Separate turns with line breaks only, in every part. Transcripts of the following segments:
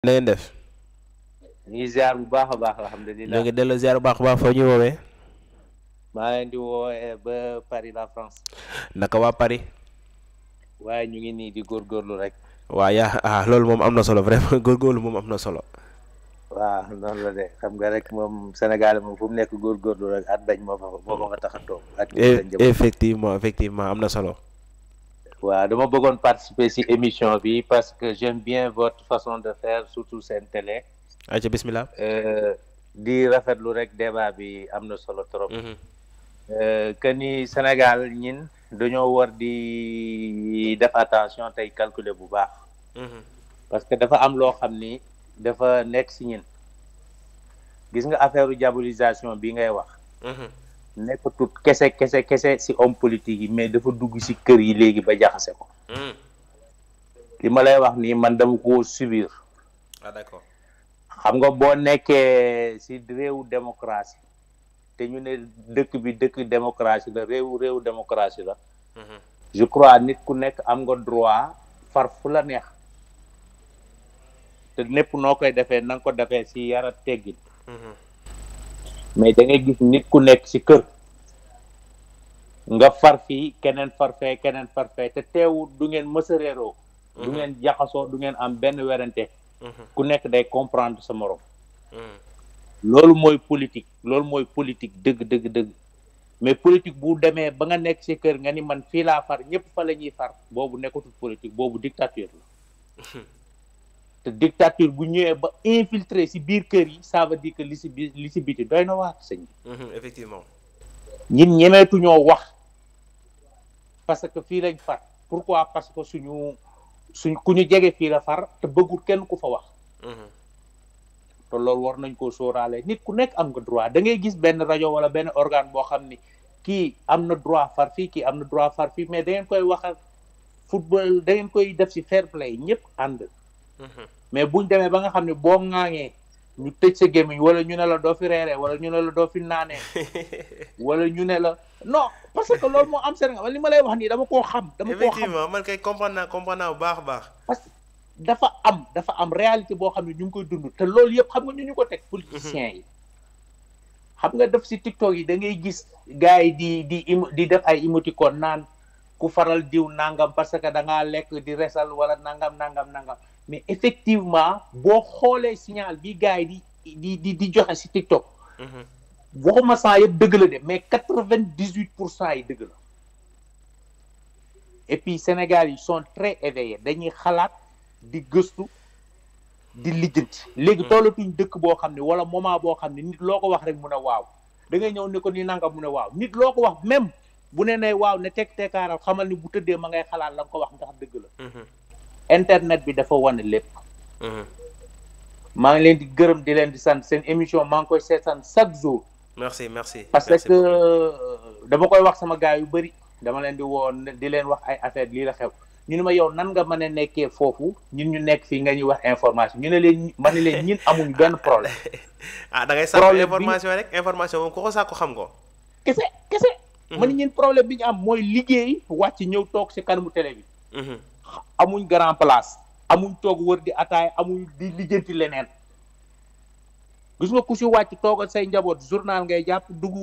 na ngeen def.
ñu ziar bu baax a baax alhamdulilah.
léegi delloo ziar bu baax a baax foo ñu woowee.
maa leen di woowee ba Paris la France.
naka waa Paris.
waaye ñu ngi nii di góorlu rek.
waa yaa ah, ah loolu moom am na solo vraiment góorgóorlu moom am na solo.
waaw noonu la de xam nga rek moom Sénégal moom fu mu nekk góorlu rek at bañ moo fa moo ko fa tax e,
effectivement effectivement am na solo.
waaw dama bëggoon participer ci émission bi parce que j'aime bien votre façon de faire surtout seen tele ayca bismillah. Euh, di rafetlu rek débat bi am na solo trop. Mhm. Euh, que ni Sénégal ñin dañoo war di def attention tey calculer bu baax. Mhm. parce que dafa am loo xam ni dafa nekk ci ñin gis nga affaire diabolisation bi ngay wax. Mhm. nekkatul kese kese kese si homme politique yi mais dafa dugg si kër yi léegi ba jaxase ko. Hmm. li ma lay wax nii man dama ko subir. ah d'accord xam nga boo nekkee si réewu démocratie te ñu ne dëkk bi dëkk démocratie la réewu réewu démocratie la. Hmm. je crois nit ku nekk am nga droit far fu la neex. te népp noo koy defee na nga ko defee si yara teggin. Hmm. mais da ngay gis nit ku nekk ci kër nga far fii keneen far fee keneen far fee te teewul du ngeen mës a réeroo du mhm. ngeen jaxasoo du ngeen am benn werante mhm. ku nekk day comprendre sa morom mhm. loolu mooy politique loolu mooy politique dëgg dëgg dëgg mais politique bu demee ba nga nekk ci kër nga ni man fii laa far ñëpp fa la ñuy far boobu nekkatul politique boobu dictature la te dictature bu ñëwee ba infiltré si biir kër yi ça veut dire que li si biir li ci biti doy na waar sëñ bi mhm, effectivement ñin ñemeetuñoo wax parce que fii lañ far pourquoi parce que suñu suñ ku ñu jege fii la far te bëggul kenn ku fa wax mhm. te lool war nañ koo sóoraale nit ku nekk am nga droit da ngay gis benn rajo wala benn organe boo xam ni kii am na droit far fii kii am na droit far fii mais da ngeen koy waxal football da ngeen koy def si fair play ñëpp ànd. Mhm. mais buñ demee ba nga xam ne boo ŋaaŋee ñu tëj sa gémmiñ wala ñu ne la doo fi reeree wala ñu ne la doo fi naanee wala ñu ne la non parce que lool moo am Sénégal li ma lay wax nii dama koo xam. dama koo xam man kay comprendre naa comprendre naa bu baax a baax. que dafa am dafa am réalité boo xam ne ñu ngi koy dund te lool yëpp xam nga ñu ñu ko teg. politiciens mhm. yi. xam nga def si TikTok yi da ngay gis gars yi di di di def ay ko naan ku faral diw nangam parce que da ngaa lekk di resal wala nangam nangam nangam mais effectivement boo xoolee signal bi gars yi di di di di joxe si TikTok. Mhm. waxuma saa yëpp dëgg la de mais quatre vingt dix huit pour cent yi dëgg la et puis Sénégal yi sont très éveillés dañuy xalaat di gëstu di lijjanti. léegi mhm. tollatuñ dëkk boo xam ne wala moment boo xam ne nit loo ko wax rek mun a waaw da ngay ñëw ni ko ni nanga mun a waaw nit loo ko wax même bu ne nay waaw ne teg teekaaral xamal ni bu tëddee ma ngay xalaat la nga ko wax ndax dëgg la. Mhm. internet bi dafa wane lépp. Mhm. maa ngi leen di gërëm di leen di sant seen émission maa ngi koy seetaan chaque jour. merci merci parce que euh, dama koy wax sama gars yu bëri dama leen di woon di leen wax ay affaire lii la xew ñu ne ma yow nan nga mën a nekkee foofu ñun ñu nekk fii nga ñuy wax information ñu ne leen ma ne leen ñun amuñ benn problème. ah da ngay sàkku information
rek information moom ku ko sàkku
xam ko. kese kese. ma ne mhm. ñun problème bi ñu am mooy liggéey wàcc ñëw toog si kanamu télé bi. Mhm. amuñ grand place amuñ toog wër di ataay amuñ di lijjanti leneen gis nga ku si wàcc toogal say njaboot journal ngay jàpp dugg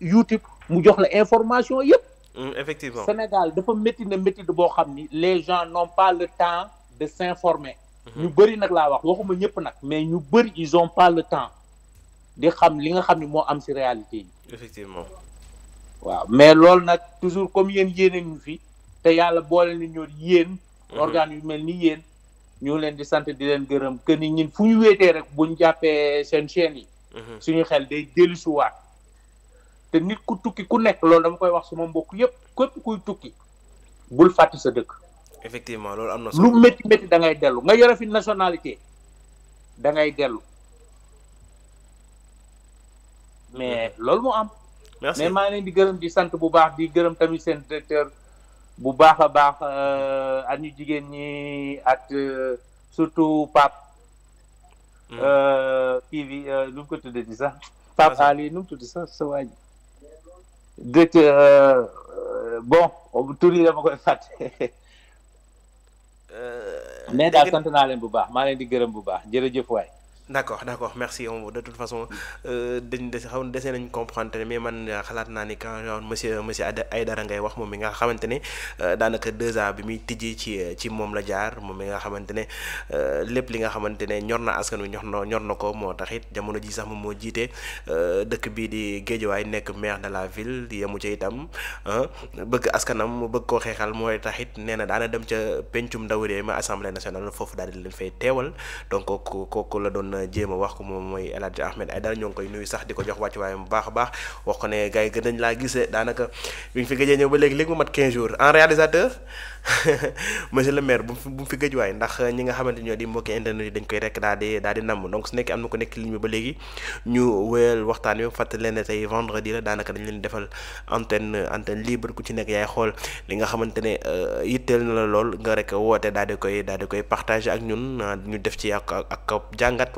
YouTube mu jox la information yëpp. Mm, effectivement Sénégal dafa métti na boo xam ni les gens n'ont pas le temps de s'informer. Mm-hmm. ñu bëri nag laa wax waxuma ñëpp nag mais ñu bëri ils ont pas le temps di xam li nga xam ni moo am si réalité yi. effectivement. waaw mais loolu nag toujours comme yéen yéeneen ñu fi te yàlla boole nañu yéen Mhm. organes yu mel ni yéen ñu leen di sant di leen gërëm que ni ñun fu ñu wéetee rek buñ jàppee seen chaîne yi mhm. suñu xel day dellusiwaat te nit ku tukki ku nekk loolu dama koy wax suma mbokk yëpp képp kuy tukki bul fàtte sa dëkk effectivement loolu am na solo lu métti métti dangay ngay dellu nga yore fi nationalité da ngay dellu mais mhm. loolu moo am mais maa ngi leen di gërëm di sant bu baax di gërëm tamit seen directeur bu baax a baax euh, ak ñu jigéen ñi ak euh, surtout Pape. Hmm. Euh, kii bi nu ko tuddee ci sax. Pape Ali nu mu tudd sax sa waa ji. dëkk bon tur yi dama koy fàtte. mais daal sant naa leen bu baax maa leen di gërëm bu baax jërëjëf waay.
d' accord d' merci on, de toute façon euh, dañ des xaw desee nañ comprendre mais man euh, xalaat naa ni quand genre monsieur ay dara ngay wax moom mi nga xamante ne euh, daanaka deux ans bi muy tijji ci ci moom la jaar moom mi nga xamante ne lépp li nga xamante ne ñor na askanu wi ñor na ñor na ko moo tax it jamono ji sax moom moo jiite dëkk bii di Géejawaay nekk maire de la ville yemu ca itam bëgg askanam bëgg koo xeexal mooy tax it nee na daana dem ca pencum ndaw réew mi assemblée nationale foofu daal di leen fay teewal donc doon jéem a wax ko moom mooy El Hadj Ahmed Aïdara ñoo ngi koy nuyu sax di ko jox wàccu waayam bu baax a baax wax ko ne gars yi gën nañ laa gisee daanaka bi ñu fi gëjee ñëw ndax ñi nga xamante ñoo di mbokki internet yi dañ koy rek daal di donc su nekkee am na ko nekk ligne bi ba léegi ñu wéyal waxtaan wi fàttali leen ne tey vendredi la daanaka dañ leen defal antenne antenne libre ku ci nekk yaay xool li nga xamante ne euh, yitteel na la lool nga rek woote daal koy daal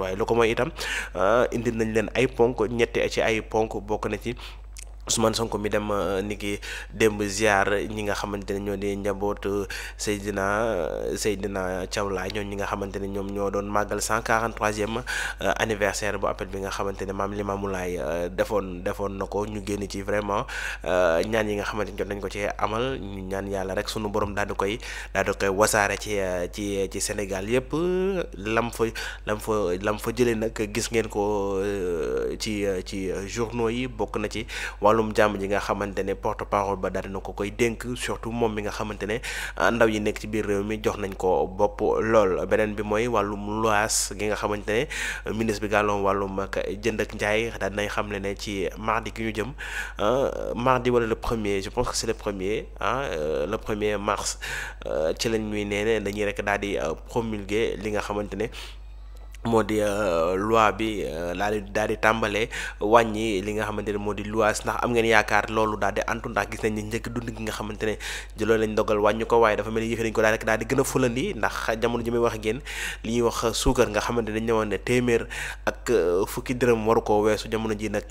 waaye lu ko mooy itam ah, indi nañ leen ay ponk ñetti ci ay ponk bokk na ci Ousmane Sonko mi dem euh, ni ki démb ziar ñi nga xamante ne ñoo di njabootu euh, Seydina Seydina Thiaw Laye ñoom ñi nga xamante ne ñoom ñoo doon màggal 143e euh, anniversaire bu appel bi nga xamante ne maam Limamou Laye defoon defoon na ko ñu génn ci vraiment ñaan yi nga xamante ne jot nañ ko ci amal ñu ñaan yàlla rek sunu borom daal di koy daal wasaare ci ci ci Sénégal yëpp lam fa lam fa lam fa jëlee nag gis ngeen ko ci ci journaux yi bokk na ci wàllu wàllum jàmm ji nga xamante ne porte parole ba daal na ko koy dénk surtout moom mi nga xamante ne ah, ndaw yi nekk ci biir réew mi jox nañ ko bopp lool beneen bi mooy wàllum luwaas gi nga xamante ne ministre bi gàlloon wàllum ak jënd ak njaay daal dinañ xam ne ne ci mardi ki ñu jëm ah, mardi wala le premier je pense que c'est le premier ah euh, le premier mars euh, ci lañ ñuy nee dañuy rekk daal di euh, promulguer li nga xamante ne moo di euh, loi bi laa euh, di daal di tàmbalee wàññi li nga xamante ne moo di luwaas ndax am ngeen yaakaar loolu daal di antu ndax gis nañ ni njëkk dund gi nga xamante ne jëloon lañ dogal wàññi ko waaye dafa mel ni yëfe nañ ko daal rek daal di gën a fulandi ndax jamono ji may wax ngeen li ñu wax suukar nga xamante ne dañ ñëwoon ne téeméer ak euh, fukki dërëm waru koo weesu jamono ji nag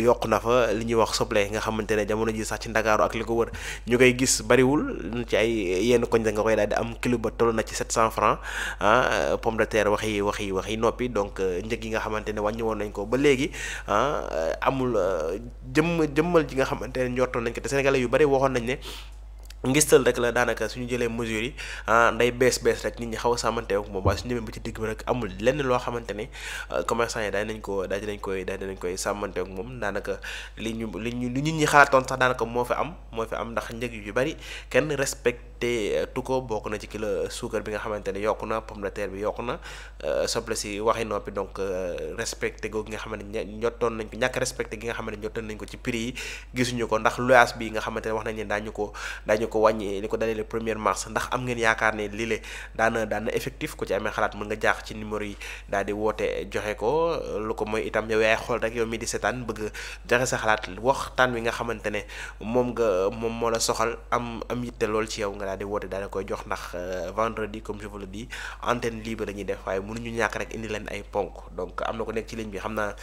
yokku na fa li ñuy wax soble nga xamante ne jamono ji sax ci ndakaaru ak li ko wër ñu koy gis bariwul ci ay yenn koñ da nga koy daal di am kilo ba na ci 700 francs ah pomme de terre wax waxi waxi waxi noppi donc euh, njëg yi nga xamante ne wàññi woon nañ ko ba léegi ah, amul euh, jëmm jëmal ji nga xamante ne njortoon nañ ko te sénégalais yu bari waxoon nañ ne ngistal rek la daanaka suñu jëlee mesures yi nday ah, bees bees rek nit ñi xaw a moom waaye suñu demee ba ci digg bi rek amul lenn loo xamante ne euh, commerçant yi nañ ko daal dinañ koy daal dinañ koy sàmmante moom daanaka li daanaka moo fi am moo fi am ndax njëg yu bari kenn respect te tu Tuko bokk na ci kilo suukar bi nga xamante ne yokku na pomme de bi yokku na euh, soble si waxi noppi donc euh, respecté googu nga xamante ne ñottoon nañ ñàkk respecté gi nga xamante ne ñottoon nañ ko ci prix yi gisuñu ko ndax luyaas bi nga xamante ne wax nañ ne daañu ko daañu ko wàññi li ko dalee le premier mars ndax am ngeen yaakaar ne lii daana daana effectif ko ci amee xalaat mën nga jaax ci numéro yi daal di woote joxe ko lu ko mooy itam yow yaay xool rek yow mi di seetaan bëgg joxe sa xalaat waxtaan wi nga xamante ne moom nga moom moo la soxal am am yitte lool ci yow nga nga daal di woote daal di koy jox ndax euh, vendredi comme je vous le dis libre la def waaye mënuñu ñàkk rek indi leen ay ponk donc am na ko nekk ci ligne bi xam naa